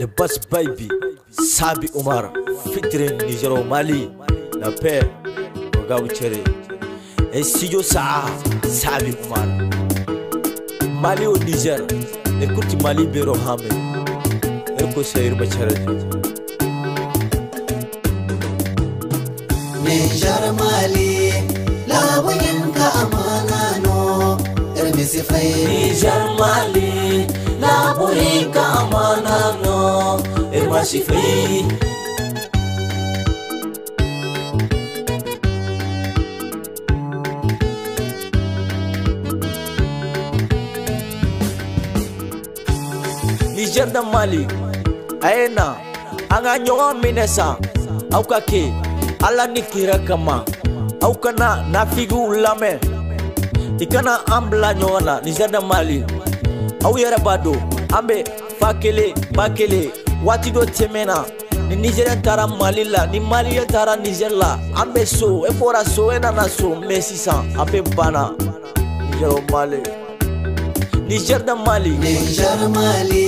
Le Bass Baby, Sabi Umar, featuring Nijero Mali, na pé, Ogabu Chere. Estúdio Saa, Sabi Umar. Mali ou Niger, écoute Mali Bero Hame. Eko Seir Bachere. Niger Mali, la wayanka amana no, Irmisi Fay. Niger Mali, e mashi free niger da mali aena anga nyoa minesa, au sa ka ala ni kira kama au kana na figu lame Ikana ambla bila ɲɔgɔn na mali aw yɛrɛ b'a don an bɛ fa kelen ba kelen waati dɔ tɛmɛna ni nizɛriyɛn taara mali la ni maliyɛn taara nizɛri la an bɛ so e fɔra so e nana so mɛ sisan a bɛ banna nizɛri mali nizɛri da mali nizɛri mali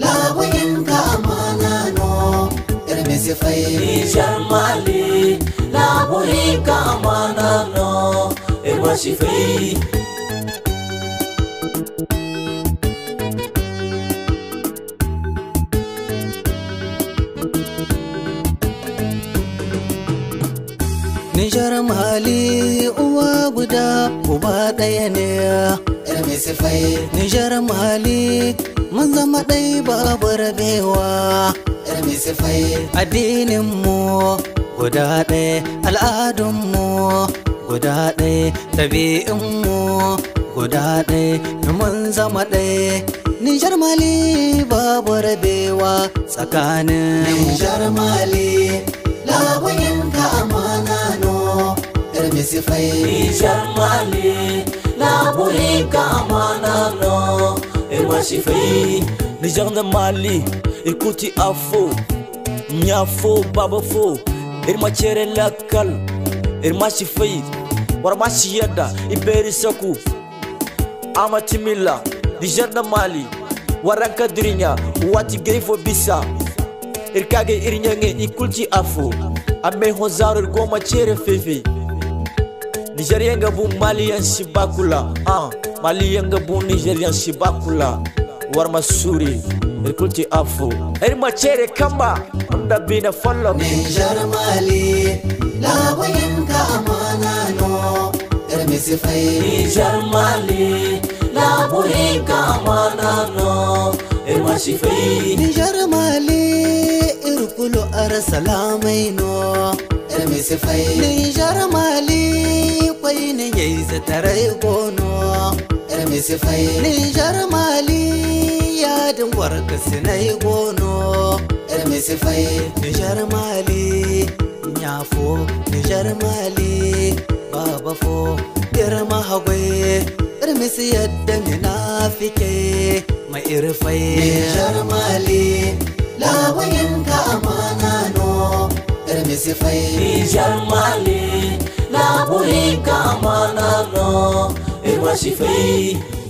lagoyin ka mana no irmisi fayi nizɛri mali lagoyin ka mana no irmisi fayi Nijar Mali uwa guda uba ɗaya ne Nijar Mali mun zama ɗai babu rabewa Addinin mu guda ɗaya al'adun mu guda ɗaya tabi'in mu guda ɗaya mun zama ɗaya Nijar Mali babu rabewa tsakanin Nijar Mali labun ka Nisifairisha mali na burika manano Ewashifai Nijanda mali ikuti afo Nyafo babafo Irma chere lakal Irma shifai Warma shiyada iberi saku Ama timila Nijanda mali Waraka dirinya Wati grifo bisa Irkage irinyange ikulti afo Ame honzaro irgoma chere fefe Nigérien bu malien shibakula ah malien gabou nigérien shibakula warma suri irkulti afu er machere kamba anda bina fallo Niger mali lagoyin ka amana no er misifai Niger mali lagoyin ka amana no er masifai Niger mali irkulu ar salamai no ta misifai Nijar Mali kwai ne ya yi zatarai gono ta misifai Nijar Mali ya dingwar ka sinai gono ta misifai Nijar Mali nyafo Nijar Mali baba fo girma hagwai Irmisi yadda mina fike mai irfai Nijar Mali lawayin sifai Nijar Mali, la buri kama nano, irwa shifai